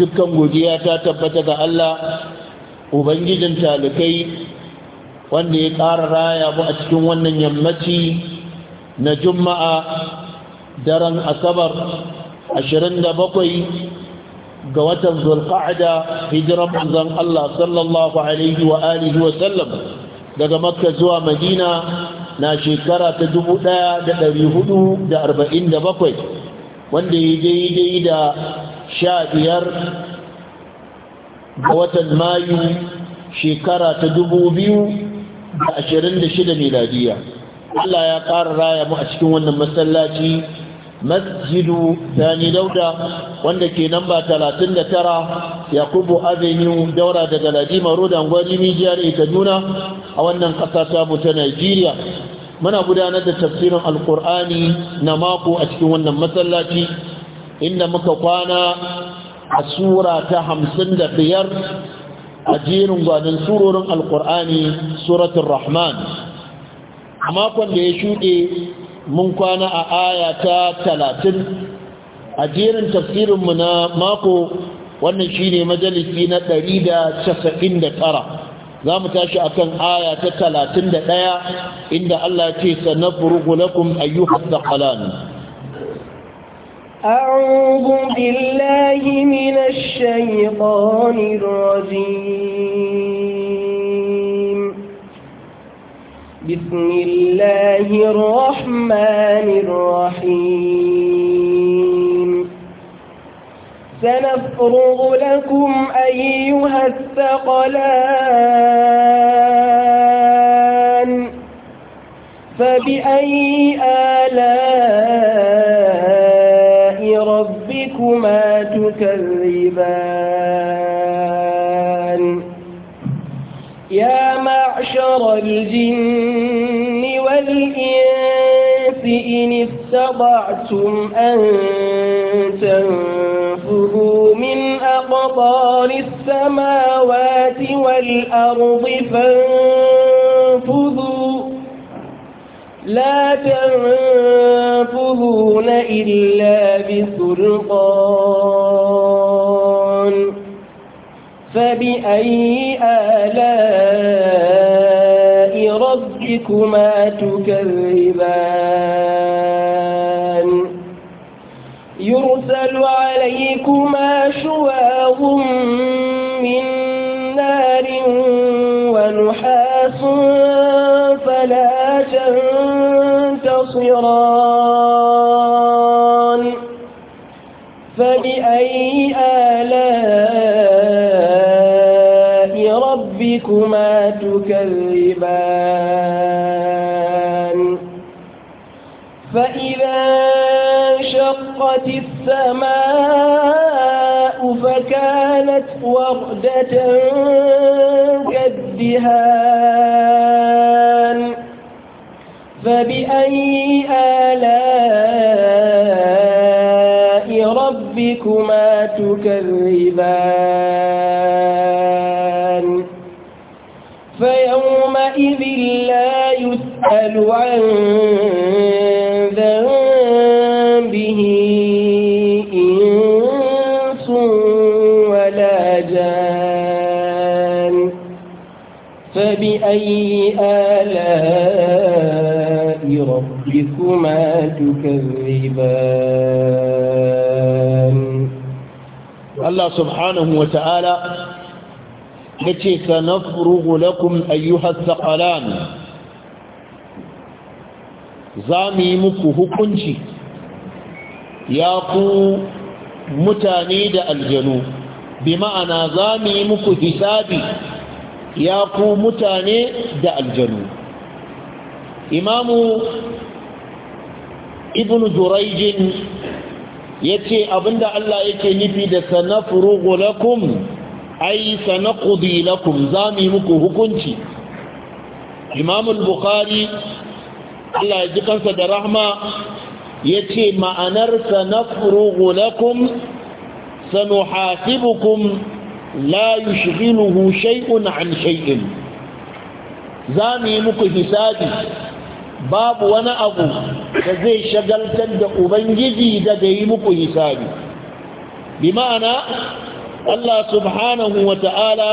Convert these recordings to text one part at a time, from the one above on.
dukkan godiya ta tabbata ga Allah ubangijin talikai wanda ya ƙara raya mu a cikin wannan yammaci na juma'a daren asabar 27 ga watan zulqa'da hijiran manzon Allah sallallahu alaihi wa alihi wa sallam daga makka zuwa madina na shekara ta 1447 wanda ya daidai da sha biyar ga watan mayu shekara ta dubu biyu da ashirin da shida miladiya Allah ya ƙara raya mu a cikin wannan masallaci masjidu sani dauda wanda ke namba talatin da tara yakubu avenue daura daga ladima road angwari mijiyar nuna a wannan ƙasa ta mu ta nigeria muna gudanar da tafsirin alkur'ani na mako a cikin wannan masallaci inda muka kwana a sura ta hamsin da biyar a jerin gwanin surorin alkur'ani suratun rahman a makon da ya shuɗe mun kwana a aya ta talatin a jerin tafsirinmu na mako wannan shi ne majalisi na ɗari da casa'in da tara za mu tashi a kan aya ta talatin da ɗaya inda allah ce sannan furugulakun ayyuhar da halani أعوذ بالله من الشيطان الرجيم بسم الله الرحمن الرحيم سنفرغ لكم أيها الثقلان فبأي آلام ربكما تكذبان يا معشر الجن والإنس إن استطعتم أن تنفذوا من أقطار السماوات والأرض فانفذوا لا تنفذون إلا بسلطان فبأي آلاء ربكما تكذبان يرسل عليكما شواظ من نار ونحاس فلا تنفذون خيران فبأي آلاء ربكما تكذبان فإذا انشقت السماء فكانت وردة كالدهان فبأي آلاء ربكما تكذبان فيومئذ لا يسأل عن ذنبه إنس ولا جان فبأي آلاء ربكما تكذبان الله سبحانه وتعالى يتي سنفرغ لكم أيها الثقلان زامي مكه كنشي ياقو متانيد الجنوب بمعنى زامي مكه حسابي ياقو متانيد الجنوب imamu ibn juraijin ya ce abinda Allah yake nufi da sanafuru lakum ai sanaqdi lakum za mu yi muku hukunci imamul bukhari Allah ya ji kansa da rahma ya ce ma'anar sanafuru lakum sanuhasibukum la yushghiluhu shay'un an shay'in za mu yi muku hisabi babu wani abu da zai shagaltar da ubangiji da yi muku hisabi bi ma'ana Allah subhanahu wa ta'ala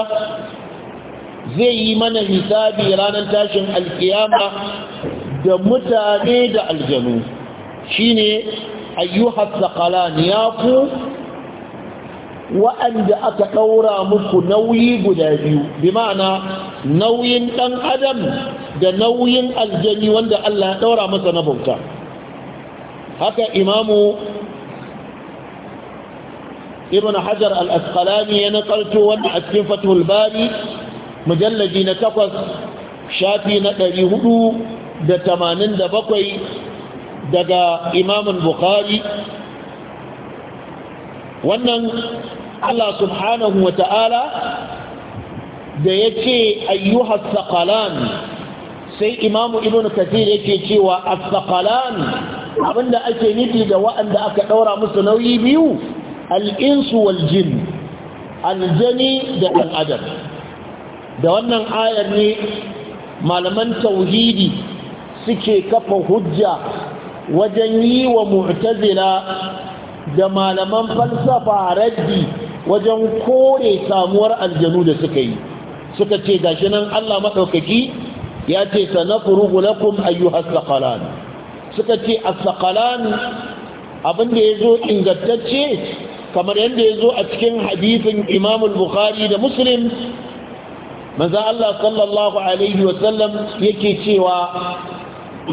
zai yi mana hisabi ranar tashin alkiyama da mutane da aljanu shine ayyuhat thaqalan ya ku wa'anda aka ɗaura muku nauyi guda biyu bi ma'ana nauyin ɗan adam da nauyin aljani wanda Allah ya ɗaura masa na bauta haka imamu ibn hajar al-asqalani ya nakalto wannan a cikin fathul bari mujallaji na takwas shafi na ɗari hudu da tamanin da bakwai daga imamun bukhari wannan Allah subhanahu wa ta'ala da ya ce ayyuhar saƙalan sai imamu ibn kathir yake cewa a abinda ake nufi da wa'anda aka ɗaura musu nauyi biyu al'insu wal jin aljani da ɗan adam da wannan ayar ne malaman tauhidi suke kafa hujja wajen yi wa mu'tazila da malaman falsafa raddi wajen kore samuwar aljanu da suka yi suka ce gashi nan Allah maɗaukaki ya ce sanafurugu lakum ayyuhas saqalan suka ce as-saqalan abin da yazo ingantacce kamar yadda yazo a cikin hadisin Imam al-Bukhari da Muslim manzo Allah sallallahu alaihi wa sallam yake cewa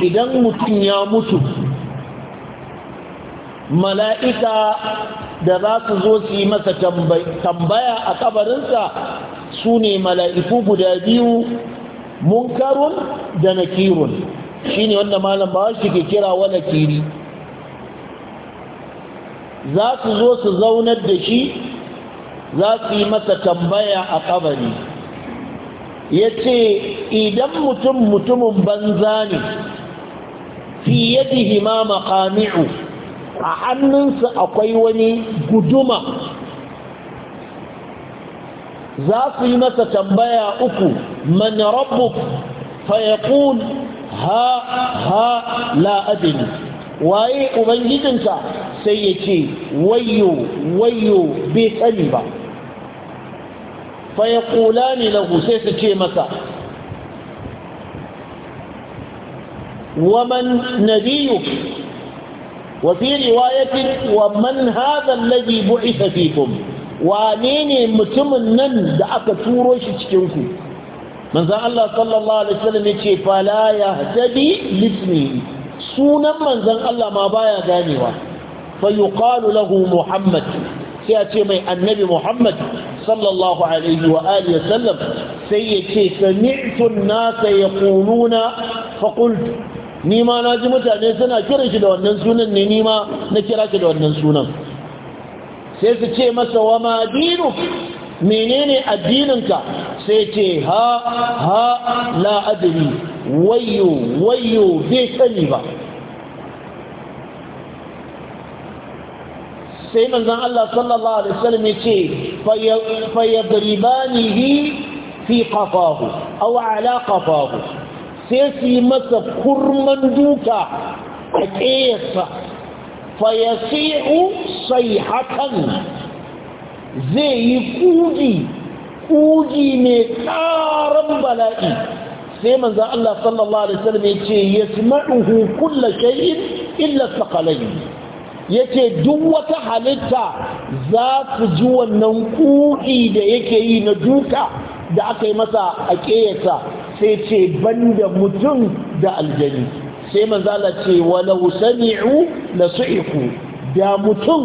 idan mutum ya mutu mala'ika da za su zo su yi masa tambaya a kabarinsa su ne mala'iku guda biyu munkarun da nakirun shi ne wanda malam ba shi ke kira wa nakiri za su zo su zaunar da shi za su yi masa tambaya a kabari ya ce idan mutum mutumin banza ne fi yadihi ma a hannunsa akwai wani guduma za su yi masa tambaya uku man rabbuk fayaqul ha ha la adini waye ubangijinka sai ya ce wayyo wayyo bai sani ba fayaqulani lahu sai su ce masa waman nabiyuk وفي رواية ومن هذا الذي بعث فيكم وانيني متمنن دعك توروش تشكنكو من ذا الله صلى الله عليه وسلم يتشي فلا يهتدي لاسمه سونا من ذا الله ما بايا دانيوا فيقال له محمد سيأتي من النبي محمد صلى الله عليه وآله وسلم سيأتي سمعت الناس يقولون فقلت ni ma na ji mutane suna kiran shi da wannan sunan ne ni ma na kira shi da wannan sunan sai su ce masa wa ma dinu menene addininka sai ce ha ha la adri wayo wayo bai sani ba sai manzon Allah sallallahu alaihi wasallam ya ce fayadribanihi fi qafahu aw ala qafahu sai su yi masa kurman duka a ƙeyarsa fayasi'u sai hakan zai yi kuji kuji mai ƙaran bala'i sai manza Allah sallallahu Alaihi wasallam ya ce ya sma'uhu kulla shay'in illa sakalai ya ce duk wata halitta za su ji wannan ƙuɗi da yake yi na duka da aka yi masa a ƙeyarsa sai ce banda mutum da aljani sai manzala ce walau sami'u la su'iku da mutum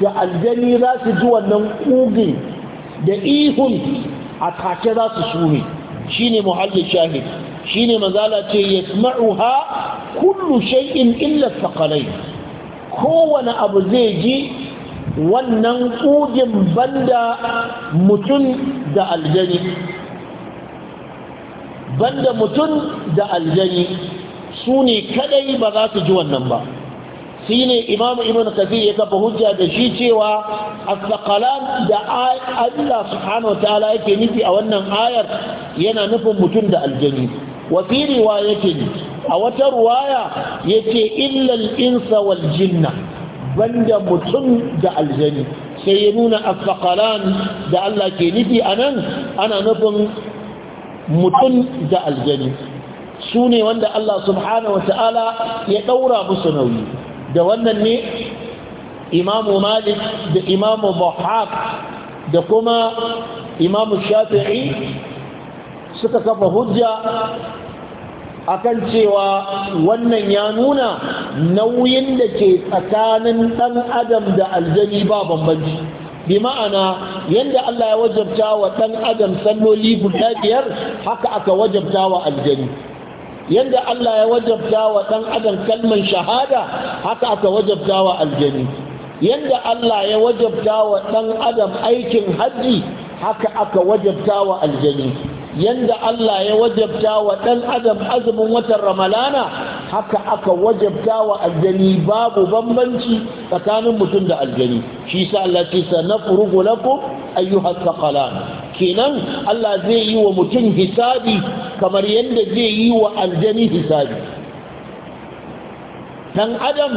da aljani za su ji wannan kugin da ihun a take za su shi shine muhallin shahid ne manzala ce yasma'uha kullu shay'in illa thaqalain kowane abu zai ji wannan kugin banda mutum da aljani banda mutum da aljani su ne kadai ba za su ji wannan ba shi ne imamu ibn kathir ya kafa hujja da shi cewa asqalan da Allah subhanahu yake nufi a wannan ayar yana nufin mutum da aljani wa yake ne, a wata ruwaya yace illa insa wal jinna banda mutum da aljani sai ya nuna asqalan da Allah ke nufi nan ana nufin mutum da aljani su ne wanda Allah subhanahu wata'ala ya ɗaura musu nauyi da wannan ne imamu malik da imamu bahak da kuma imamu shafi'i suka kafa hujja akan cewa wannan ya nuna nauyin da ke tsakanin ɗan adam da aljani ba bambanci bi ma'ana yanda Allah ya wajabta wa dan adam salloli guda biyar haka aka wajabta wa aljani yanda Allah ya wajabta wa dan adam kalman shahada haka aka wajabta wa aljani yanda Allah ya wajabta wa dan adam aikin haji haka aka wajabta wa aljani yanda Allah ya wajabta wa dan adam azumin watan ramalana haka aka wajabta wa aljani babu bambanci tsakanin mutum da aljani shi sa Allah ce sanafrugu lakum ayyuhas thaqalan kenan Allah zai yi wa mutum hisabi kamar yadda zai yi wa aljani hisabi dan adam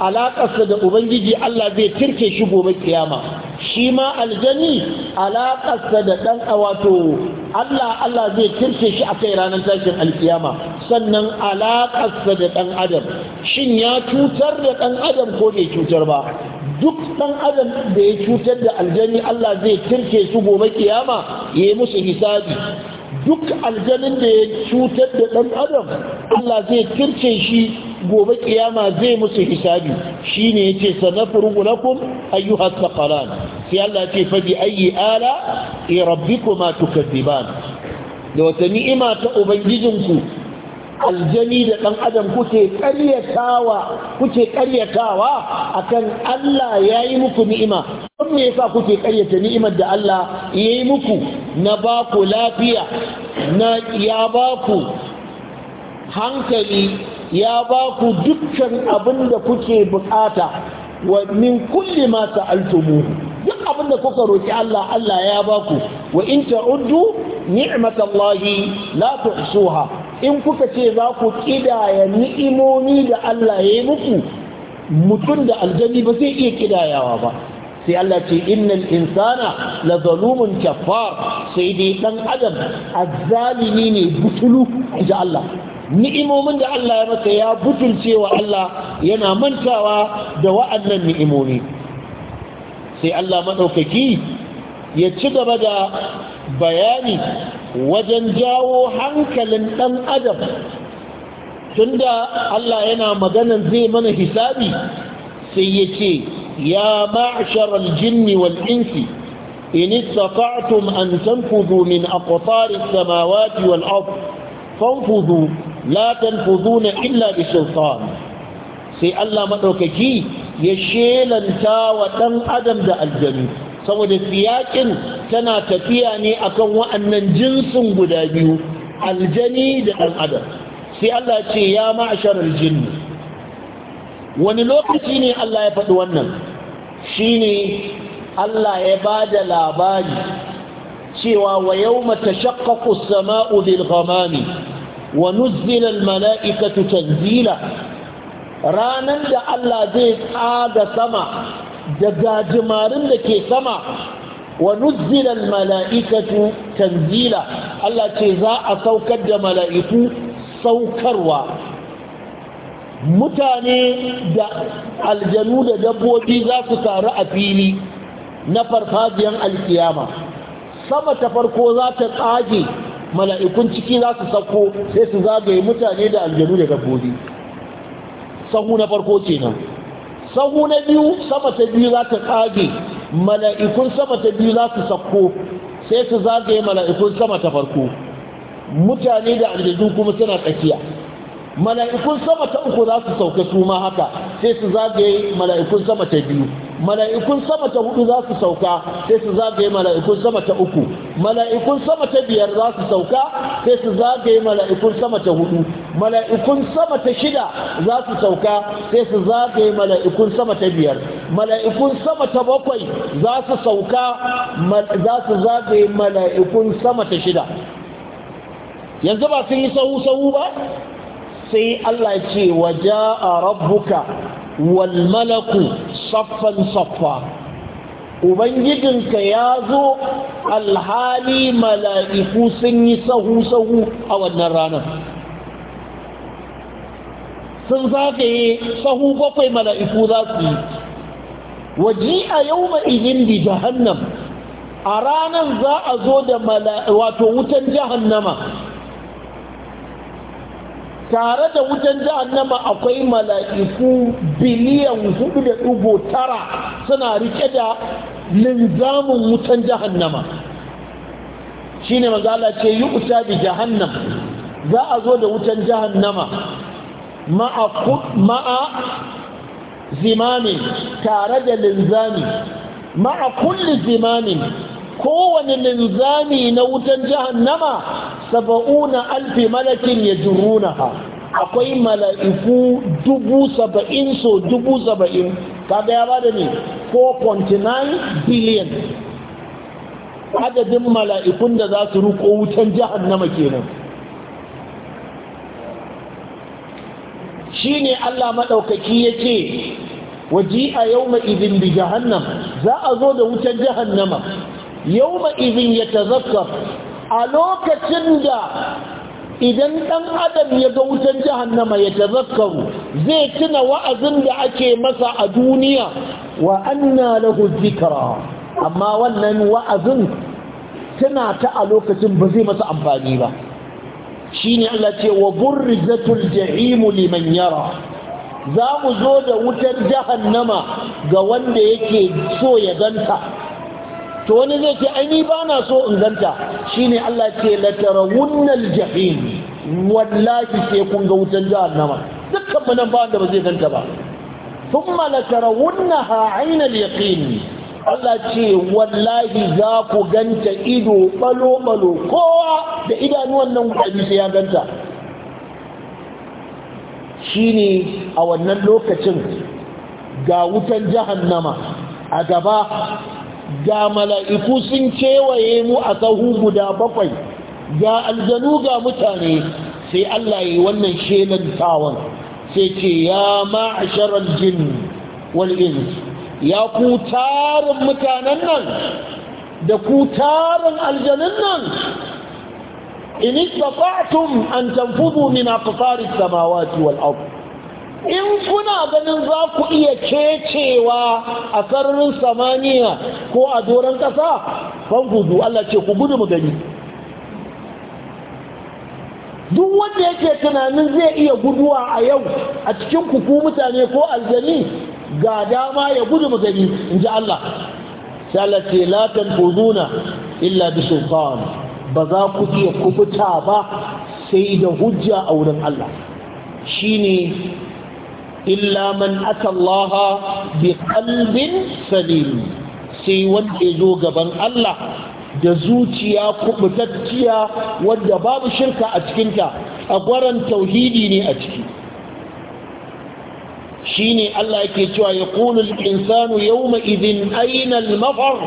alaƙarsa da ubangiji Allah zai tirke shi gobe kiyama shi ma aljani alaƙarsa da ɗan wato Allah Allah zai tirke shi a kai ranar tashin alkiyama sannan alaƙarsa da ɗan adam shin ya cutar da ɗan adam ko bai cutar ba duk ɗan adam da ya cutar da aljani Allah zai turke su gobe kiyama ya yi musu hisabi duk aljanin da ya cutar da ɗan adam Allah zai tirke shi gobe kiyama zai musu hisabi shine yace sanafrugu lakum ayyuha thaqalan sai Allah ce fa bi ayyi ala rabbikuma tukadiban da wata ni'ima ta ubangijinku aljani da ɗan adam kuke karyatawa kuke akan Allah ya yi muku ni'ima don me yasa kuke karyata ni'imar da Allah ya yi muku na ba ku lafiya na ya ba ku hankali ya ba ku dukkan abin da kuke bukata wa min kulli ma ta'altumu duk abin da kuka roki Allah Allah ya ba ku wa in ta'uddu ni'matallahi la tuhsuha in kuka ce za ku kidaya ni'imomi da Allah ya yi muku mutum da aljanni ba zai iya kidayawa ba sai Allah ce innal insana la zalumun kaffar sai dai dan adam azzalimi ne butulu ji Allah ni'imomin da Allah ya masa ya butulce Allah yana mantawa da wa'annan ni'imomi sai Allah maɗaukaki ya ci gaba da bayani wajen jawo hankalin ɗan adam tunda Allah yana maganan zai mana hisabi sai ya ce ya ma'asharar jinni wal insi in istata'tum an tanfudu min aqtaris samawati wal ardh fanfudu la fuduna illa bi sultan sai Allah madaukaki ya shelanta wa dan adam da aljanu saboda siyakin tana tafiya ne akan wa'annan jinsin guda biyu aljani da dan adam sai Allah ce ya ma'asharal jinn wani lokaci ne Allah ya faɗi wannan shine Allah ya bada labari cewa wa yawma tashaqqaqu as-sama'u bil ghamami wa nuzzila almala'ikatu tanzila ranan da Allah zai tsaga sama da gajimarin da ke sama wa nuzzila almala'ikatu tanzila Allah ce za a saukar da mala'iku saukarwa mutane da aljanu da dabbobi za su taru a fili na farfajiyar alkiyama sama ta farko za ta tsage mala'ikun ciki za su sako sai su zagaye mutane da aljanu da dabbobi sahu na farko kenan sahu na biyu sama ta biyu za ta kage mala'ikun sama ta biyu za su sako sai su zagaye mala'ikun sama ta farko mutane da aljanu kuma suna tsakiya mala'ikun sama ta uku za su sauka su ma haka sai su zagaye mala'ikun sama ta biyu mala'ikun sama ta hudu za su sauka sai su zagaye mala'ikun sama ta uku mala'ikun sama ta biyar za su sauka sai su zagaye mala'ikun sama ta hudu mala'ikun sama ta shida za su sauka sai su zagaye mala'ikun sama ta biyar mala'ikun sama ta bakwai za su sauka za su zagaye mala'ikun sama ta shida yanzu ba sun yi sahu sahu ba sai Allah ce waje a rabbuka walmalaku saffan saffa ubangijinka ya zo alhali mala'iku sun yi sahu-sahu a wannan ranar sun zagaye sahu bakwai mala'iku za su yi waje a yau ma'inin da jahannam a ranar za a zo da wato wutan jahannama tare da wutan jahannama akwai mala'iku biliyan hudu da dubu tara suna rike da linzamin wutan jahannama shine manzo Allah ce yi uta bi jahannam za a zo da wutan jahannama ma'a ma'a zimamin tare da linzami ma'a kulli zimamin kowane linzami na wutan jahannama saba'una alfi malakin ya jurunaha akwai mala'iku dubu saba'in so dubu saba'in kaga ya bada ne 4.9 billion adadin mala'ikun da za su ruko wutan jahannama kenan shi ne Allah maɗaukaki ya ce waji a yau mai izin bi jahannam za a zo da wutan jahannama yawma idin yatazakkar a lokacin da idan ɗan adam ya ga wutar nama ya tazakkaru zai tuna wa'azin da ake masa a duniya wa anna lahu zikara amma wannan wa'azin tana ta a lokacin ba zai masa amfani ba shine Allah ce wa burrizatul jahim liman yara za mu zo da wutar nama ga wanda yake so ya ganta to wani zai ce ai ni ba na so in ganta shine Allah ce la tarawunnal jahim wallahi sai kun ga wutan jahannama dukkan mu nan ba wanda ba zai ganta ba thumma la tarawunnaha yaqin Allah ce wallahi za ku ganta ido balo-balo kowa da idanuwan nan guda sai ya ganta shi ne a wannan lokacin ga wutan jahannama a gaba ga mala'iku sun kewaye mu a sahu guda bakwai ga aljanu ga mutane sai Allah yi wannan shelantawan sai ce ya ma'asharar jin wal'ins ya ku tarin mutanen nan da ku tarin aljanun nan in istata'tum an tanfudu min aqtaris samawati wal ardh in kuna ganin za ku iya cecewa a sararin samaniya ko a doron ƙasa fanfudu Allah ce ku gudu mu gani duk wanda yake tunanin zai iya guduwa a yau a cikin kuku mutane ko aljani ga dama ya gudu mu gani in ji Allah sai Allah ce la tanfuzuna illa bi sultan ba za ku iya kubuta ba sai da hujja a wurin Allah shine illa man aka Allah bi qalbin salim sai wanda ya zo gaban Allah da zuciya kubutacciya wadda babu shirka a cikinta a gwaran tauhidi ne a ciki ne Allah yake cewa ya kunul insanu yau idin aina al-mafar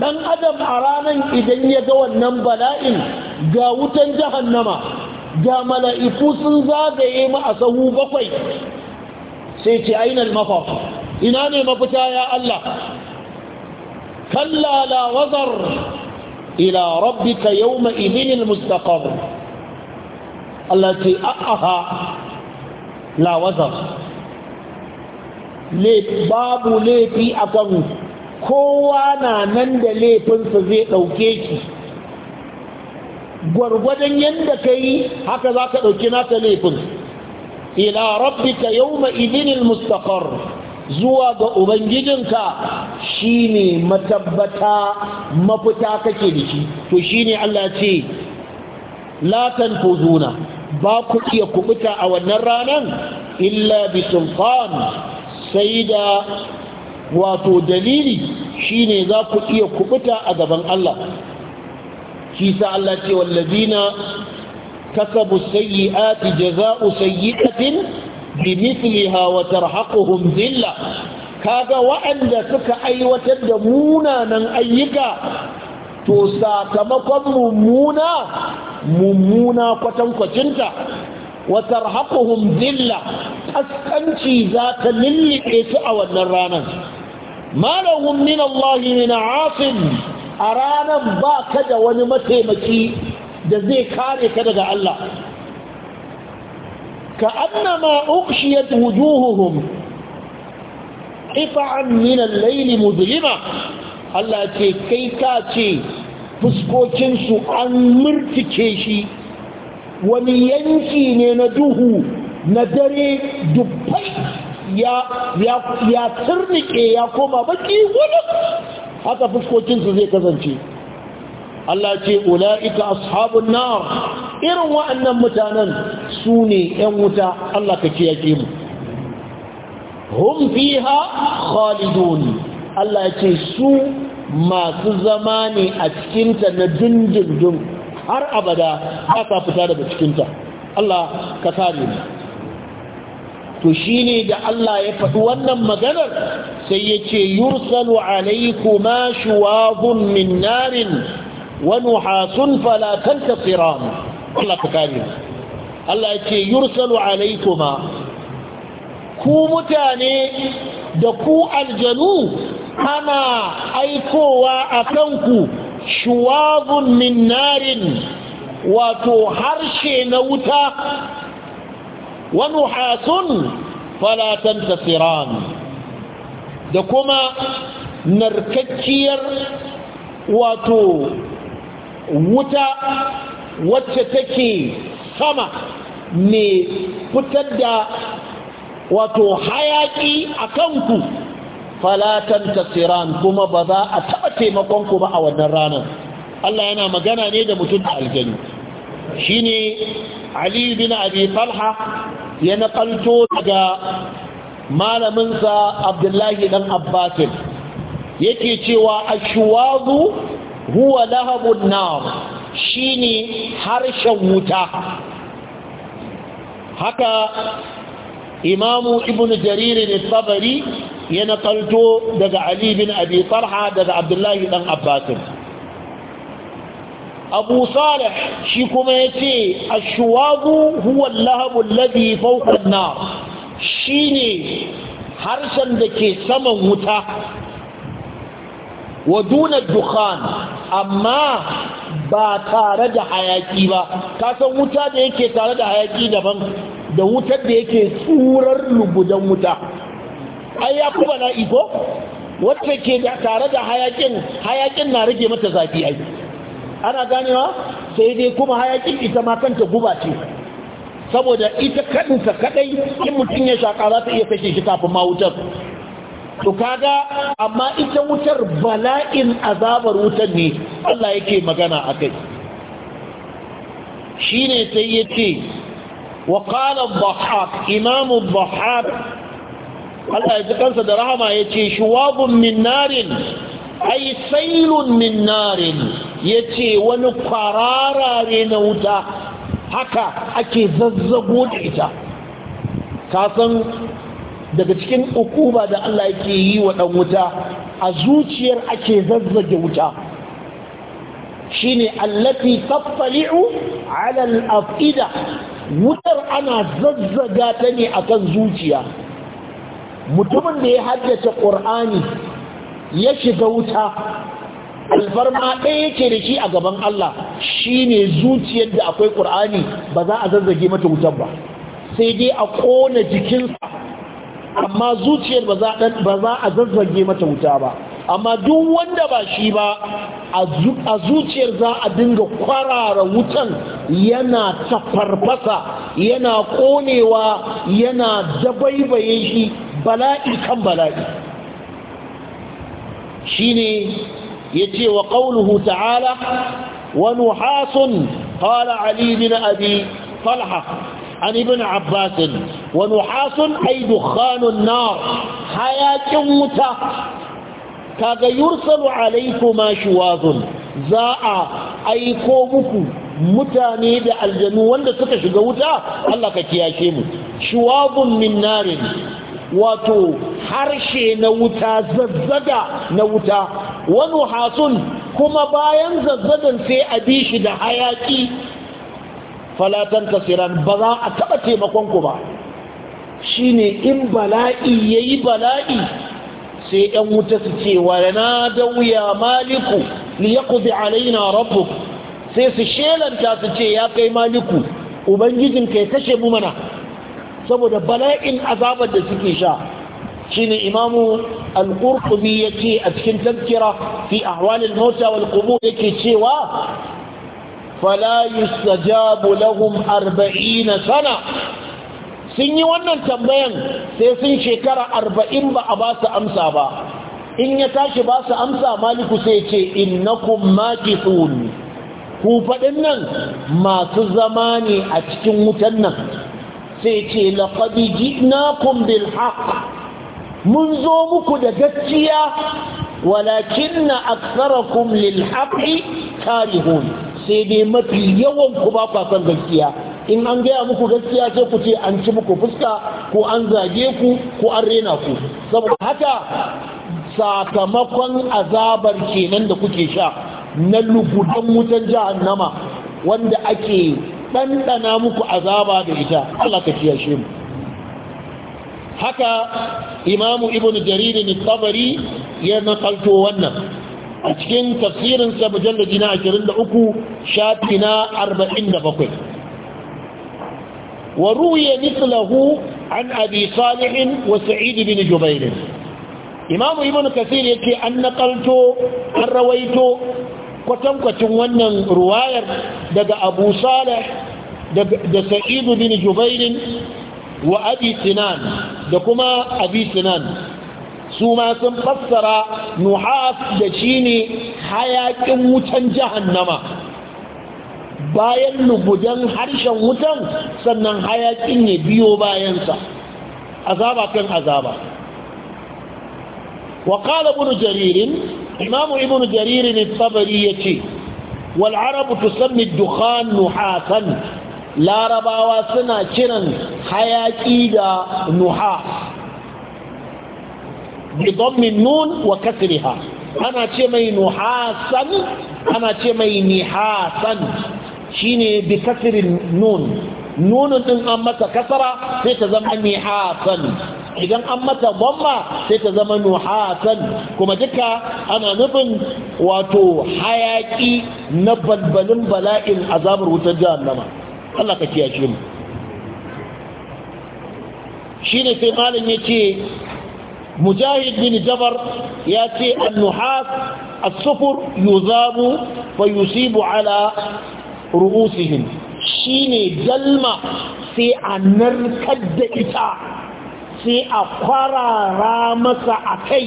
dan adam a ranan idan ya ga wannan bala'in ga wutan jahannama ga mala'iku sun zagaye mu a sahu bakwai sai ce ainal mafaf ina ne mafita ya Allah kalla la wazar ila rabbika yawma idhin almustaqar Allah ce aha la wazar le babu le fi akan kowa na nan da lefin laifinsa zai dauke ki gwargwadon yanda kai haka zaka ka ɗauki naka laifin ila rabbika yawma idinin mustaqar zuwa ga ubangijinka shine matabbata mafita kake da shi to shine Allah ce la tanfuzuna ba ku iya kubuta a wannan ranan illa bi sultan sai da wato dalili shine za ku iya kubuta a gaban Allah shi sa Allah ce wallazina تكب السيئات جزاء سيئة بمثلها وترحقهم ذلة kaga wa'anda suka aiwatar da munanan ayyuka to sakamakon mummuna mummuna kwatankwacinta watar haƙuhun zilla ƙasƙanci za ta lullube su a wannan ranar malahun min Allah min asin a ranar ba ka da wani mataimaki da zai kare ka daga Allah ka annama uqshiyat wujuhuhum qita'an min al-layl mudlima Allah ce kai ka ce fuskokin su an murtike shi wani yanki ne na duhu na dare dubbai ya ya ya turnike ya koma baki wani haka fuskokin su zai kasance Allah ce ula'ika ashabun nar irin wa'annan mutanen su ne ‘yan wuta Allah ka ce ke mu Humfiha fiha khalidun Allah ce su masu zama ne a cikinta na dindindin har abada ka fita daga cikinta Allah ka kare mu to shine da Allah ya faɗi wannan maganar sai yace yursalu alaikuma shuwabun min narin wa nuhasun fala tantasiran Allah ka kare Allah yake yursalu alaykuma ku mutane da ku aljanu ana aikowa a kanku shuwazun min narin wato harshe na wuta wa nuhasun fala tantasiran da kuma narkakkiyar wato wuta wacce take sama mai fitar da wato hayaki a kanku falatan tasiran kuma ba za a taɓa taimakonku ba a wannan ranar Allah yana magana ne da mutum da aljanu shi ne Ali bin Abi Talha ya naƙalto daga malaminsa Abdullahi ɗan Abbasin yake cewa shuwazu. huwa lahabun nar shine harshen wuta haka imamu ibnu jarir al-tabari ya nakalto daga ali bin abi talha daga abdullahi dan abbas abu salih shi kuma yace ashwagu huwa al-lahab alladhi fawqa an-nar shine harshen da ke saman wuta wa duna dukhan amma ba tare da hayaki ba ka san wuta da yake tare da hayaki daban da wutar da yake tsurar lugudan wuta ai ya kuma na iko wacce ke tare da hayakin hayakin na rage mata zafi ai ana ganewa sai dai kuma hayakin ita ma kanta guba ce saboda ita kanta kadai in mutum ya shaka za ta iya kashe shi kafin ma wutar to kaga amma ita wutar bala'in azabar wutar ne Allah yake magana a kai shi ne sai ya ce wa ƙalar bahab imamun bahab Allah ya kansa da rahama ya ce shuwabun min narin ai sailun min narin ya ce wani kwararare na wuta haka ake zazzago da ita kasan daga cikin ukuba da Allah yake yi wa ɗan wuta a zuciyar ake zazzage wuta shine allati tattali'u ala al-afida wutar ana zazzaga ta ne akan zuciya mutumin da ya haddace ƙur'ani ya shiga wuta alfarma ɗaya yake da shi a gaban Allah shine zuciyar da akwai ƙur'ani ba za a zazzage mata wutar ba sai dai a ƙona jikinsa amma zuciyar ba za a zazzage mata wuta ba amma duk wanda ba shi ba a zuciyar za a dinga kwarara wutan yana ta farfasa yana konewa yana dabaibaye shi bala'i kan bala'i shine yace wa qauluhu ta'ala wa nuhasun qala ali bin abi falha. an ibn abbas wa nuhasun ay dukhanun nar hayakin wuta kaga yursalu alaykuma shuwazun za a aiko muku mutane da aljanu wanda suka shiga wuta Allah ka kiyaye mu shuwazun min narin wato harshe na wuta zazzaga na wuta wani hasun kuma bayan zazzagan sai a bi shi da hayaki falatan kasiran ba za a taɓa taimakonku ba shi ne in bala'i ya yi bala'i sai ‘yan wuta su ce wa na dauya maliku li ya kuzi alaina rabu sai su shelanta su ce ya kai maliku ubangijin kai kashe mu mana saboda bala'in azabar da suke sha shi ne imamu al ya ce a cikin tafkira fi ahwalil mota wal qubur yake cewa fala yustajabu lahum 40 sana sun yi wannan tambayan sai sun shekara arba'in ba a ba su amsa ba in ya tashi ba su amsa maliku sai ce innakum maqitun ku fadin nan masu zama ne a cikin wutan nan sai ce laqad ji'nakum bil mun zo muku da gaskiya walakin na aksarakum lil haqqi sai dai mafi yawan ku ba kwasan gaskiya in an gaya muku gaskiya sai ku ce an ci muku fuska ko an zage ku ko an rena ku saboda haka sakamakon azabar kenan da kuke sha na lugudan wutan jahannama wanda ake ɗanɗana muku azaba da ita Allah ka kiyashe mu haka imamu ibn jaririn tabari ya nakalto wannan a cikin tafsirinsa mujallaji na 23 shafi na 47 wa ruwiya mislahu an abi wa sa'id bin jubair imam ibn kasir yake an naqalto an rawaito kwatankwacin wannan ruwayar daga abu salih da sa'id bin jubair wa abi sinan da kuma abi sinan su ma sun fassara nuhas da shi ne hayakin wutan jahannama bayan lugudan harshen wutan sannan hayakin ya biyo bayansa azaba kan azaba wa qala ibn jarir imam ibn jarir at-tabari yace wal tusammi dukhan nuhasan larabawa suna kiran hayaki da nuhas bi nun wa kasriha ana ce mai nuhasan ana ce mai nihasan shine bi kasrin nun nunun din an mata kasara sai ta zama nihasan idan an mata dhamma sai ta zama nuhasan kuma duka ana nufin wato hayaki na balbalin bala'in azabar wutar jahannama Allah ka kiyaye mu shine sai malam yace mujahid bin jabar ya ce annuhas as-sufur yuzabu fa yusibu ala ru'usihim shine dalma sai a narkar da ita sai a kwarara masa a kai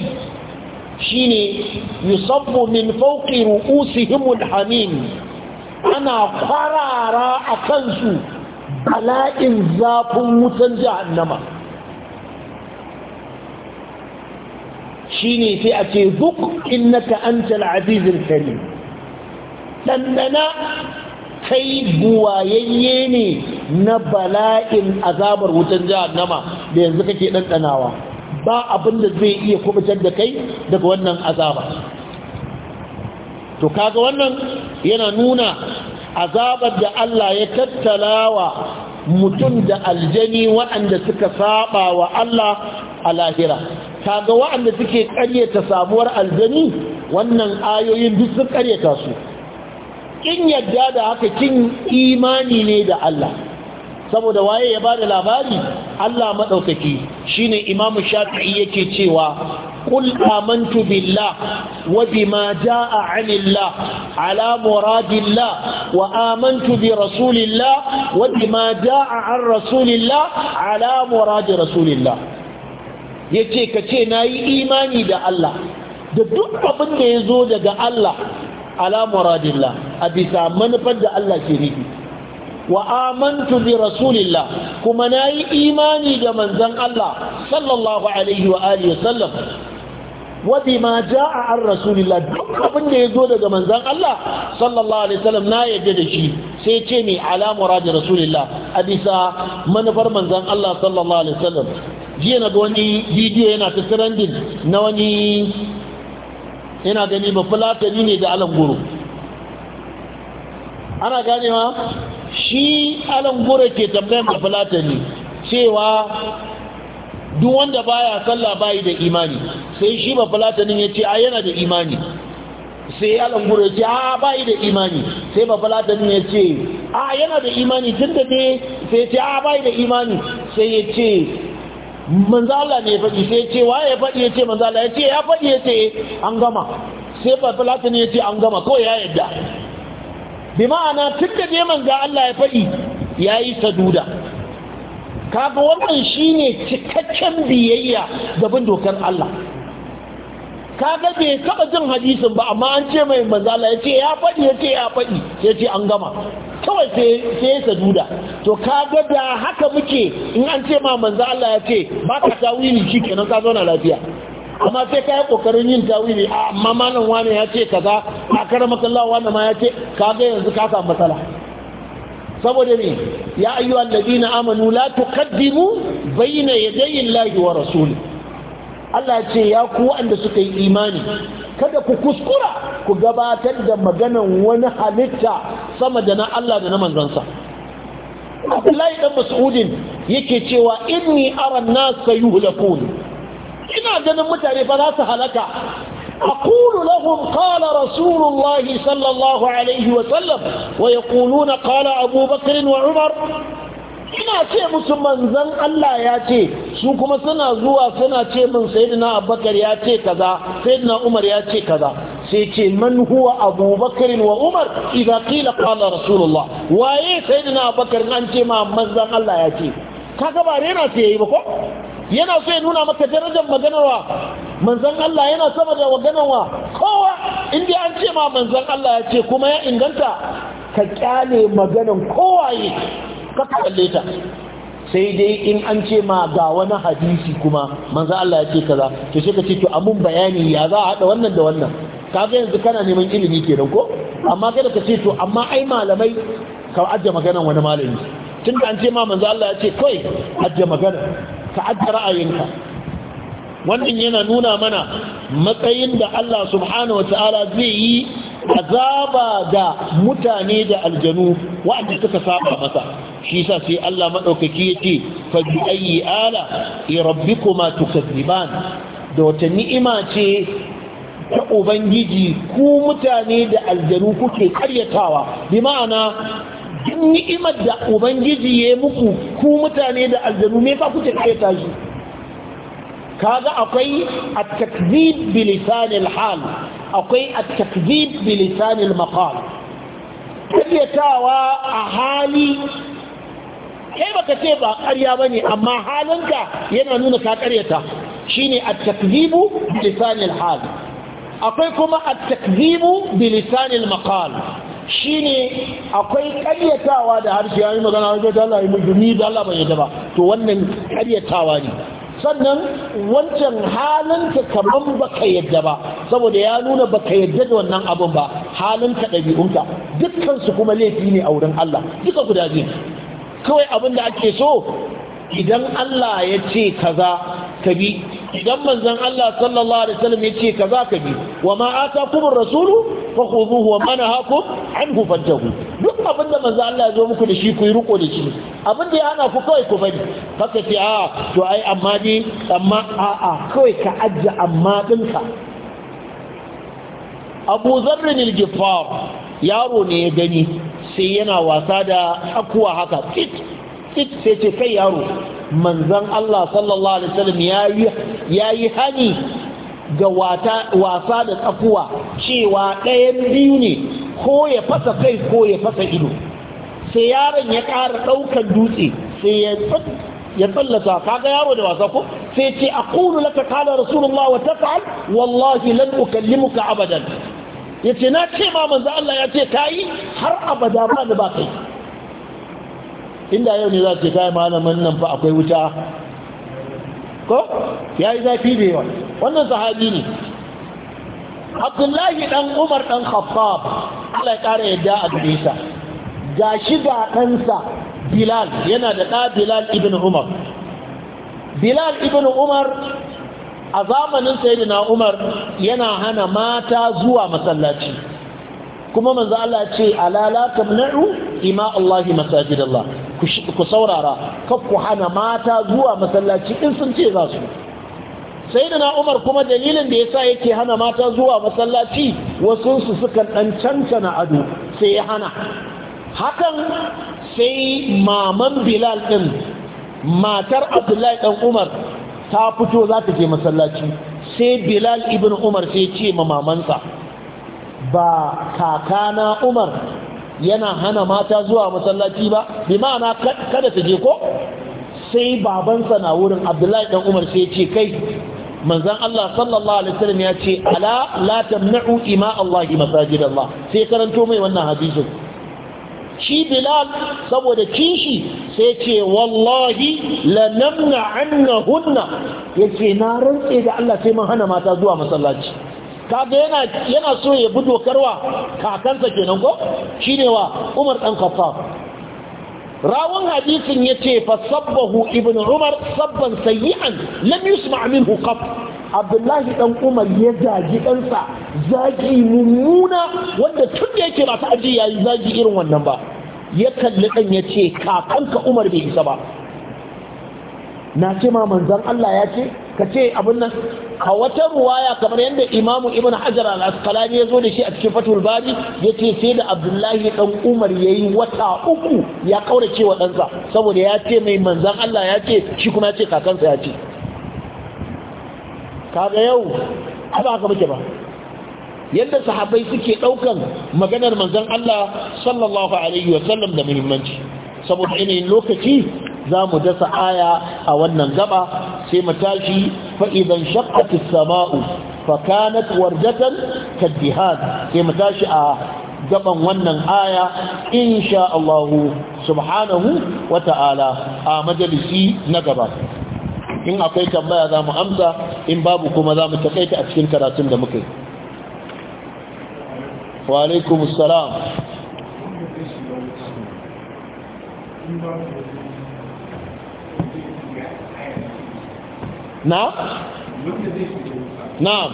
shine yusabbu min fawqi ru'usihim al-hamim ana kwarara a kansu bala'in zafin wutan jahannama shine sai a ce zuk innaka antal azizul karim dandana kai buwayayye ne na bala'in azabar wutan jahannama da yanzu kake dandanawa ba abin da zai iya kubutar da kai daga wannan azaba to kaga wannan yana nuna azabar da Allah ya tattalawa mutum da aljani waɗanda suka saba wa Allah a lahira kaga wa'anda suke ƙaryata samuwar aljani wannan ayoyin duk sun ƙaryata su kin yadda da haka kin imani ne da Allah saboda waye ya bada labari Allah madaukaki shine imamu shafi'i yake cewa qul amantu billah wa bima jaa 'anillah ala muradillah wa amantu bi rasulillah wa bima jaa 'an rasulillah ala muradi rasulillah ya ce ka ce na yi imani da Allah da duk abin da ya zo daga Allah ala muradillah a bisa manufar da Allah ke nufi wa amantu bi rasulillah kuma na yi imani da manzan Allah sallallahu alaihi wa alihi sallam wa bima jaa an rasulillah duk abin da ya zo daga manzan Allah sallallahu alaihi wasallam na yadda da shi sai ce ne ala muradin rasulillah a bisa manufar manzan Allah sallallahu alaihi wasallam jiya na ga wani bidiyo yana ta trending na wani yana gani ba fulatani ne da alan guru ana ganewa shi alan guru ke tambayin ba fulatani cewa duk wanda baya sallah bayi da imani sai shi ba fulatanin ya ce a yana da imani sai alan guru ya ce a bayi da imani sai ba fulatanin ya ce a yana da imani tun da ne sai ya ce a bayi da imani sai ya ce manzala ne ya faɗi sai ya ce waye ya faɗi ya ce manzala ya ce ya faɗi ya ce an gama sai ne ya ce an gama kawai ya yadda bi ma'ana tun da dai ga Allah ya faɗi ya yi saduda kaga wannan shine cikakken biyayya gaban dokar Allah kaga bai taɓa jin hadisin ba amma an ce mai manzala ya ce ya faɗi ya ce ya faɗi sai ce an gama kawai sai ya saduda to ka ga da haka muke in an ce ma manzo Allah ya ce ba ka tawili shi kenan ka zauna lafiya amma sai ka yi kokarin yin tawili ah, amma malam wani ya ce kaza a makallawa wani ma ya ce ka yanzu ka samu matsala saboda ne ya na ladina amanu la tuqaddimu bayna yadayi llahi wa rasulihi Allah ce ya ku waɗanda suka yi imani kada ku kuskura ku gabatar da maganan wani halitta sama da na Allah da na manzansa Abdullahi dan Mas'udin yake cewa inni ara an-nas sayuhlakun ina ganin mutane fa za su halaka أقول لهم قال رسول الله صلى الله عليه وسلم ويقولون قال أبو بكر وعمر ina ce musu manzan Allah ya ce su kuma suna zuwa suna ce min sayyidina abubakar ya ce kaza sayyidina umar ya ce kaza sai ce man huwa abubakar wa umar idza qila qala rasulullah waye sayyidina abubakar an ce ma manzon Allah ya ce kaga ba rena ce yayi ba ko yana so ya nuna maka darajar maganarwa manzon Allah yana sama da maganarwa kowa inda an ce ma manzon Allah ya ce kuma ya inganta ka kyale maganan kowaye ka kalle ta sai dai in an ce ma ga wani hadisi kuma manzo Allah ya ce kaza to sai ka ce to amun bayani ya za a hada wannan da wannan kaga yanzu kana neman ilimi kenan ko amma kada ka ce to amma ai malamai ka ajje maganar wani malami tunda an ce ma manzo Allah ya ce kai ajje magana ka ajje ra'ayinka wannan yana nuna mana matsayin da Allah subhanahu wataala zai yi azaba da mutane da aljanu wa'anda suka saba masa shi sa sai Allah maɗaukaki ya ce fabi ayi ala ya rabbi kuma tukaziban da wata ni'ima ce ta ubangiji ku mutane da aljanu kuke karyatawa bi ma'ana duk ni'imar da ubangiji ya muku ku mutane da aljanu me fa kuke karyata shi kaga akwai at-takzib bi lisan al-hal akwai at-takzib bi lisan al-maqal karyatawa a hali ka ce ba ƙarya ba ne amma halinka yana nuna ka ƙaryata shi ne a takzibu bilisanin hal akwai kuma a takzibu bilisanin makal shi ne akwai ƙaryatawa da harshe ya yi magana wajen da Allah ya mulki da Allah bai yadda ba to wannan ƙaryatawa ne sannan wancan halinka kamar baka yadda ba saboda ya nuna baka yadda da wannan abun ba halinka ɗabi'unka dukkansu kuma laifi ne a wurin Allah duka guda biyu kawai abin da ake so idan Allah ya ce kaza ka bi idan manzon Allah sallallahu alaihi wasallam ya ce kaza ka bi wa ma atakumur rasulu fakhuduhu wa ma nahakum anhu fantahu duk abin da manzon Allah ya zo muku da shi ku yi riko da shi abin da ya hana ku kawai ku bari haka ce a ah, to ai amma ne amma a a kawai ka ajja amma dinka Abu Zarr al-Ghaffar yaro ne ya gani sai yana wasa da tsakuwa haka tsit tsit sai ce kai yaro manzan Allah sallallahu alaihi wasallam ya yi hani ga wasa da tsakuwa cewa ɗayan biyu ne ko ya fasa kai ko ya fasa ido sai yaron ya ƙara ɗaukar dutse sai ya ya tsallata kaga yaro da wasa ko sai ce aqulu laka qala rasulullah wa taf'al wallahi lan ukallimuka abadan ya ce na ce ma manzo Allah ya ce ka yi har abada ba da ba kai inda yau ne za ce ka yi malamin nan fa akwai wuta ko ya yi zafi da yawa wannan sahabi ne abdullahi dan umar dan khaffab Allah ya kara yadda a gare sa ga shi ga ɗansa bilal yana da ɗa bilal ibn umar bilal ibn umar a zamanin sayyidina Umar yana hana mata zuwa masallaci kuma manzo Allah ce ala la tamna'u ima Allah masajidallah ku saurara kar ku hana mata zuwa masallaci in sun ce za su sayyidina Umar kuma dalilin da yasa yake hana mata zuwa masallaci wasu su sukan dan cancana ado sai ya hana hakan sai maman Bilal din matar Abdullahi dan Umar ta fito za ta je masallaci sai bilal ibn umar sai ce ma mamansa ba kakana umar yana hana mata zuwa masallaci ba bi ma'ana kada ta je ko sai babansa na wurin abdullahi dan umar sai ce kai manzan Allah sallallahu alaihi wasallam ya ce ala la tamna'u ima Allah masajid Allah sai karanto mai wannan hadisin shi bilal saboda kishi sai ce wallahi lanamna annahunna yace na rantse da Allah sai mun hana mata zuwa masallaci kaga yana yana so ya bi dokarwa kakansa kenan ko shine wa Umar dan Khattab rawun hadisin yace fa sabbahu ibnu Umar sabban sayyi'an lam yusma minhu qat abdullahi dan umar ya zagi ɗansa zagi mummuna wanda tun da yake ba ta aji ya yi zagi irin wannan ba ya kalli ɗan ya ce kakanka umar bai isa ba na ce ma manzan Allah ya ce ka ce abin nan a wata ruwaya kamar yadda imamu ibn hajar al-asqalani ya zo da shi a cikin fatul bari ya ce sai da abdullahi dan umar ya yi wata uku ya kaurace wa ɗansa saboda ya ce mai manzan Allah ya ce shi kuma ya ce kakansa ya ce kaga yau ba haka muke ba yadda sahabbai suke daukan maganar manzon Allah sallallahu alaihi wasallam da muhimmanci saboda yanayin lokaci za mu dasa aya a wannan gaba sai mu tashi fa'idan shaqqatis sama'u fa kanat warjatan kadhihad sai mu tashi a gaban wannan aya insha Allah subhanahu wa ta'ala a majalisi na gaba in akwai tambaya za mu amsa in babu kuma za mu takaita a cikin karatun da muka yi wa Na? na?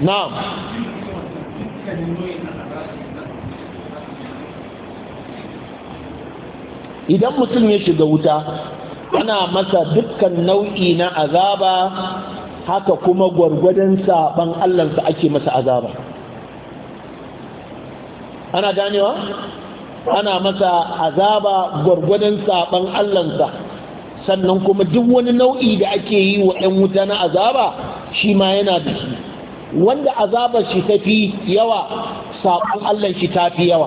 na na idan mutum ya shiga wuta ana masa dukkan nau'i na azaba haka kuma gwargwadon saban allansa ake masa azaba ana ganewa ana masa azaba gwargwadon saɓan allansa sannan kuma duk wani nau'i da ake yi wa 'yan wuta na azaba shi ma yana da shi wanda azabar shi tafi yawa saban allan shi tafi yawa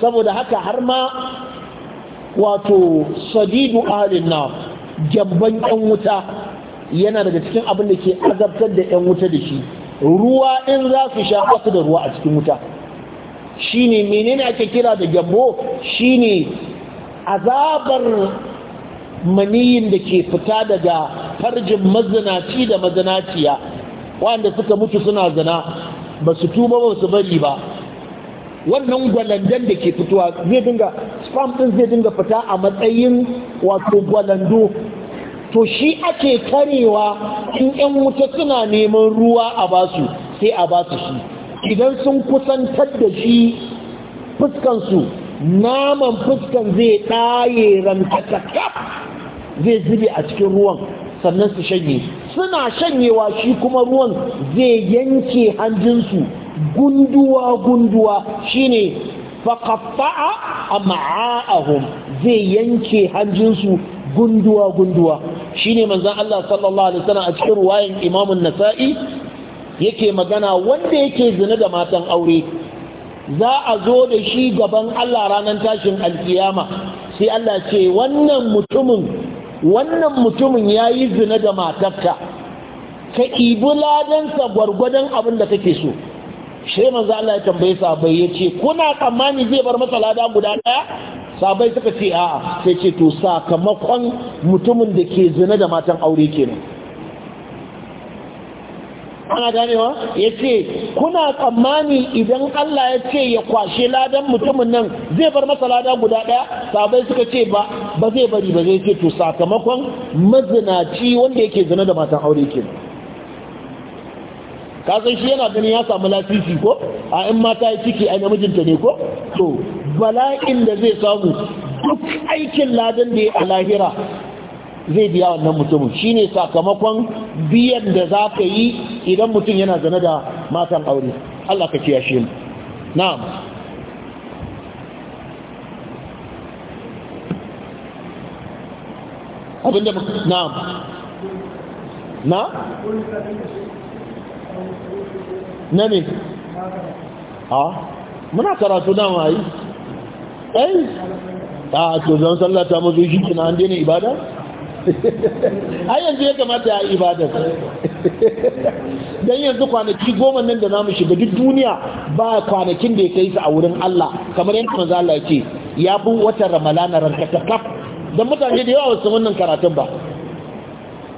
saboda haka har ma wato sadidu ahlin na gyamban yan wuta yana daga cikin abin da ke azabtar da yan wuta da shi ruwa in za su sha wasu da ruwa a cikin wuta Shi ne menene ake kira da Shi ne azabar maniyin da ke fita daga farjin mazinaci da mazinaciya wanda suka mutu suna zina ba su tuba ba su bari ba wannan gwalandan da ke fitowa zai dinga spam din zai dinga fita a matsayin wato gwalando to shi ake karewa in 'yan wuta suna neman ruwa a basu sai a basu shi idan sun kusantar da shi fuskansu naman fuskan zai ɗaye rantakaka zai zube a cikin ruwan sannan su shanye suna shanyewa shi kuma ruwan zai yanke hanjinsu gunduwa gunduwa shine a ma'a'ahun zai yanke hanjinsu gunduwa gunduwa shine manzon Allah sallallahu alaihi wasallam a cikin ruwayan imamun nasai yake magana wanda yake zina da matan aure za a zo da shi gaban Allah ranar tashin alkiyama sai Allah ce wannan mutumin wannan mutumin yayi zina da matarka ka ibi ladansa gwargwadon abin da kake so shi manzo Allah ya tambaye sahabbai ya ce kuna tsammani zai bar masa lada guda daya sahabbai suka ce a'a sai ce to sakamakon mutumin da ke zina da matan aure kenan ana ganewa ya ce kuna tsammani idan Allah ya ce ya kwashe ladan mutumin nan zai bar masa lada guda ɗaya sabai suka ce ba ba zai bari ba zai ce to sakamakon mazinaci wanda yake zina da matan aure kenan ka san shi yana ganin ya samu lasisi ko a in mata ya ciki a namijinta ne ko to bala'in da zai samu duk aikin ladan da ya a lahira zai biya wannan mutumin ne sakamakon biyan da za ka yi idan mutum yana zane da matan aure Allah ka kiyashe shi na'am abinda na'am na na ha a muna karatu dama yi ai ta to zan sallata mazu shi kina an daina ibada ai yanzu ya kamata ya yi ibada Dan yanzu kwanaki goma nan da namu shiga duk duniya ba kwanakin da ya kai su a wurin Allah kamar yanka manzo Allah yake ya bu watan ramalana ranka ta kaf Dan mutane da yawa wasu wannan karatun ba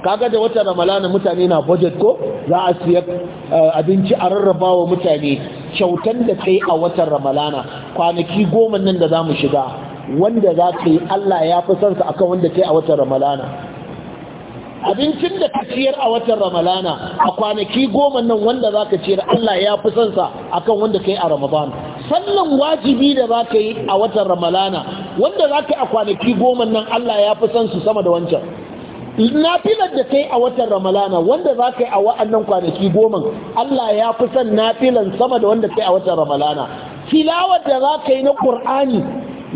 kaga da wata ramalana mutane na budget ko za a siya eh, abinci a rarraba wa mutane kyautan da kai a watan ramalana kwanaki goma nan da za mu shiga wanda za ka yi Allah ya fi sansa akan wanda kai a watan ramalana abincin da ka ciyar a watan ramalana a kwanaki goma nan wanda za ka ciyar Allah ya fi sansa akan wanda kai a ramadan Sannan wajibi da za ka yi a watan ramalana wanda za ka yi a kwanaki goma nan Allah ya fi sansu su sama da wancan nafilar da kai a watan ramalana wanda za ka yi a wa'annan kwanaki goma Allah ya fi son nafilan sama da wanda kai a watan ramalana tilawar da za ka yi na ƙur'ani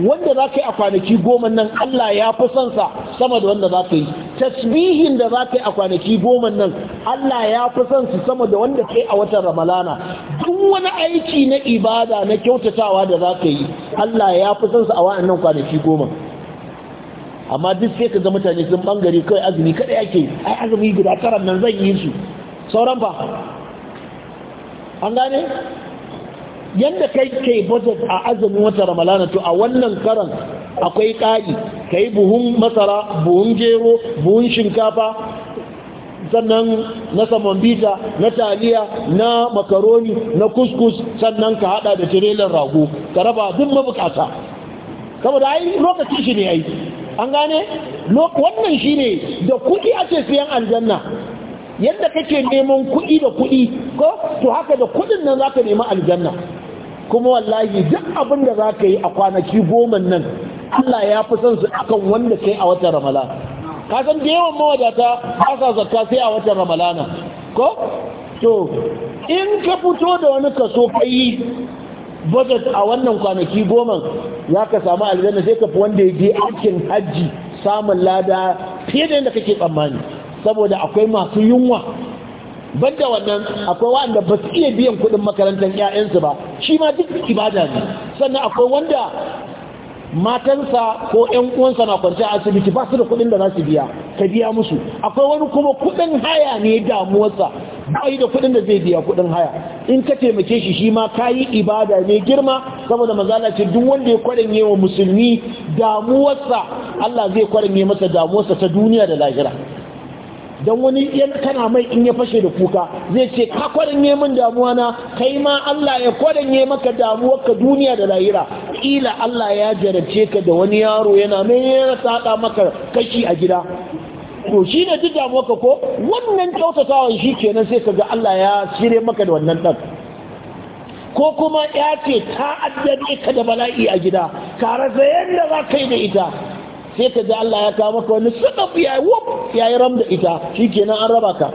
wanda za ka yi a kwanaki goma nan Allah ya fi son sa sama da wanda za ka yi tasbihin da za ka yi a kwanaki goma nan Allah ya fi son su sama da wanda kai a watan ramalana duk wani aiki na ibada na kyautatawa da za ka yi Allah ya fi son su a wa'annan kwanaki goma amma duk sai ka ga mutane sun bangare kawai azumi kada yake ai azumi guda karan nan zan yi su sauran ba an gane yadda kai ke budget a azumin wata ramalana to a wannan karan akwai kai ka yi buhun masara buhun jero buhun shinkafa sannan na bita na taliya na makaroni na kuskus sannan ka hada da tirelan rago ka raba duk mabukata saboda ai lokacin shi ne ai an gane wannan shi ne da kuɗi ake siyan aljanna yadda kake neman kuɗi da kuɗi ko to haka da kuɗin nan za ka nemi aljanna kuma wallahi duk abin da ka yi a kwanaki goma nan Allah ya fi son su akan wanda kai a watan ramala kasan san da yawan mawadata ba sa zakka sai a watan Ramadana ko to in ka fito da wani kaso kai budget a wannan kwanaki goma ya ka samu aljanna sai ka fi wanda ya je aikin hajji samun lada fiye da yadda kake tsammani saboda akwai masu yunwa banda wannan akwai wanda ba su iya biyan kuɗin makarantar 'ya'yansu ba shi ma duk ibada ne sannan akwai wanda matansa ko ƴan uwansa na kwanci a asibiti ba su da kuɗin da za su biya ka biya musu akwai wani kuma kuɗin haya ne damuwarsa yi da kuɗin da zai biya kuɗin haya in ka taimake shi shi ma ka yi ibada ne girma saboda mazala ce duk wanda ya kwaranye wa musulmi damuwarsa Allah zai kwaranye masa damuwarsa ta duniya da lahira don wani yan kana mai in ya fashe da kuka zai ce ka kwaranye min damuwa na kai ma Allah ya kwaranye maka damuwar duniya da lahira kila Allah ya jarabce ka da wani yaro yana mai yana saɗa maka kashi a gida to shi ne duk damuwarka ko wannan kyautatawa shi kenan sai ka ga Allah ya shire maka da wannan ɗan ko kuma ya ce ta addabe ka da bala'i a gida ka rasa yadda za ka yi da ita sai ka ga Allah ya kawo maka wani sadaf ya yi ram da ita shi kenan an raba ka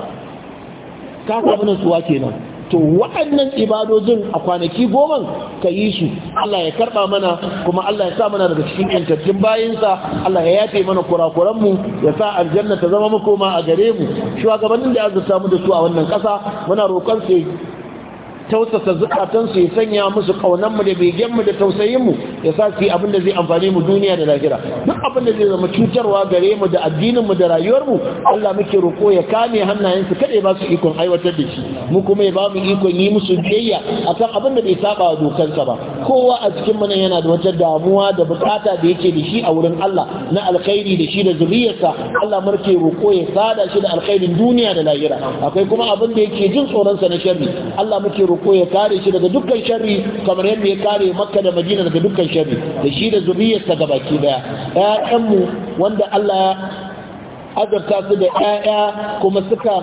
ka samu nutsuwa kenan to waɗannan ibadojin a kwanaki goma ka yi su Allah ya karɓa mana kuma Allah ya sa mana daga cikin yantattun bayansa Allah ya yafe mana kurakuranmu ya sa aljanna ta zama makoma a gare mu shugabannin da ya zata mu da su a wannan ƙasa muna roƙon su tausasa zukatansu ya sanya musu mu da begenmu da tausayin mu ya sa su yi abin da zai amfani mu duniya da lahira duk abin da zai zama cutarwa gare mu da addininmu da rayuwarmu Allah muke roko ya kame hannayensu kada ya ba su ikon aiwatar da shi mu kuma ya ba mu ikon yi musu biyayya akan abin da bai saba wa dokarsa ba kowa a cikin mu yana da wata damuwa da bukata da yake da shi a wurin Allah na alkhairi da shi da zuriyarsa Allah muke roƙo ya sada shi da alkhairin duniya da lahira akwai kuma abin da yake jin tsoron sa na sharri Allah muke ko ya kare shi daga dukkan sharri kamar yadda ya kare makka da madina daga dukkan sharri da shi da zuriyarsa gabaki daya ƴaƴanmu wanda Allah azarta su da ƴaƴa kuma suka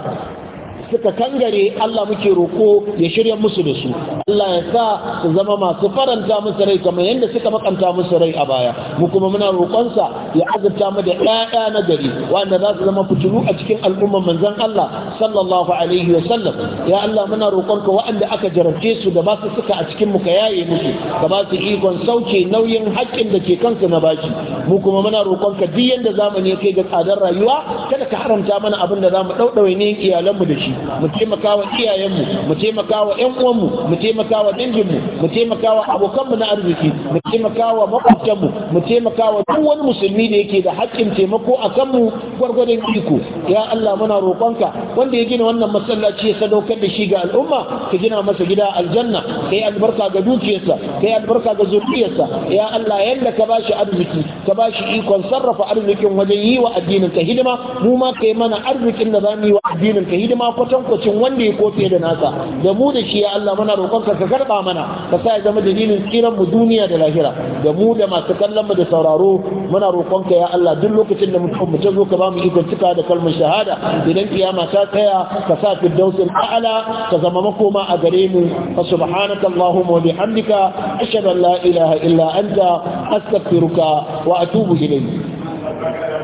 suka kangare Allah muke roko ya shirya musu da su Allah ya sa su zama masu faranta musu rai kamar yadda suka makanta musu rai a baya mu kuma muna roƙonsa ya azurta mu da ɗaya na gari wanda za su zama fitilu a cikin al'ummar manzon Allah sallallahu alaihi wa sallam ya Allah muna roƙonka waɗanda aka jarabce su da ba su suka a cikin mu ka yaye musu ka ba su ikon sauke nauyin haƙƙin da ke kansu na baki mu kuma muna roƙonka duk yadda zamani ya kai ga tsadar rayuwa kada ka haramta mana abin da za mu ɗauɗaure ne iyalanmu da shi mu taimaka wa iyayenmu mu taimaka wa ƴan uwanmu mu taimaka wa danginmu mu taimaka wa abokanmu na arziki mu taimaka wa makwabtanmu mu taimaka wa duk wani musulmi da yake da haƙƙin taimako a kanmu gwargwadon iko ya Allah muna roƙonka wanda ya gina wannan masallaci ya sadaukar da shi ga al'umma ka gina masa gida aljanna kai albarka ga dukiyarsa kai albarka ga zuriyarsa ya Allah yalla ka bashi arziki ka bashi ikon sarrafa arzikin wajen yi wa addinin ka hidima mu ma kai mana arzikin da zamu yi wa addinin ka hidima kwatankwacin wanda ya kofe da nasa da mu da shi ya Allah muna roƙonka ka karɓa mana ka sa ya zama dalilin tsiran mu duniya da lahira da mu da masu kallon mu da sauraro muna roƙonka ya Allah duk lokacin da mutum mu zo ka ba mu ikon cika da kalmar shahada idan kiyama ta tsaya ka sa firdausul a'la ka zama makoma a gare mu fa subhanaka allahumma wa bihamdika ashhadu an la ilaha illa anta astaghfiruka wa atubu ilayk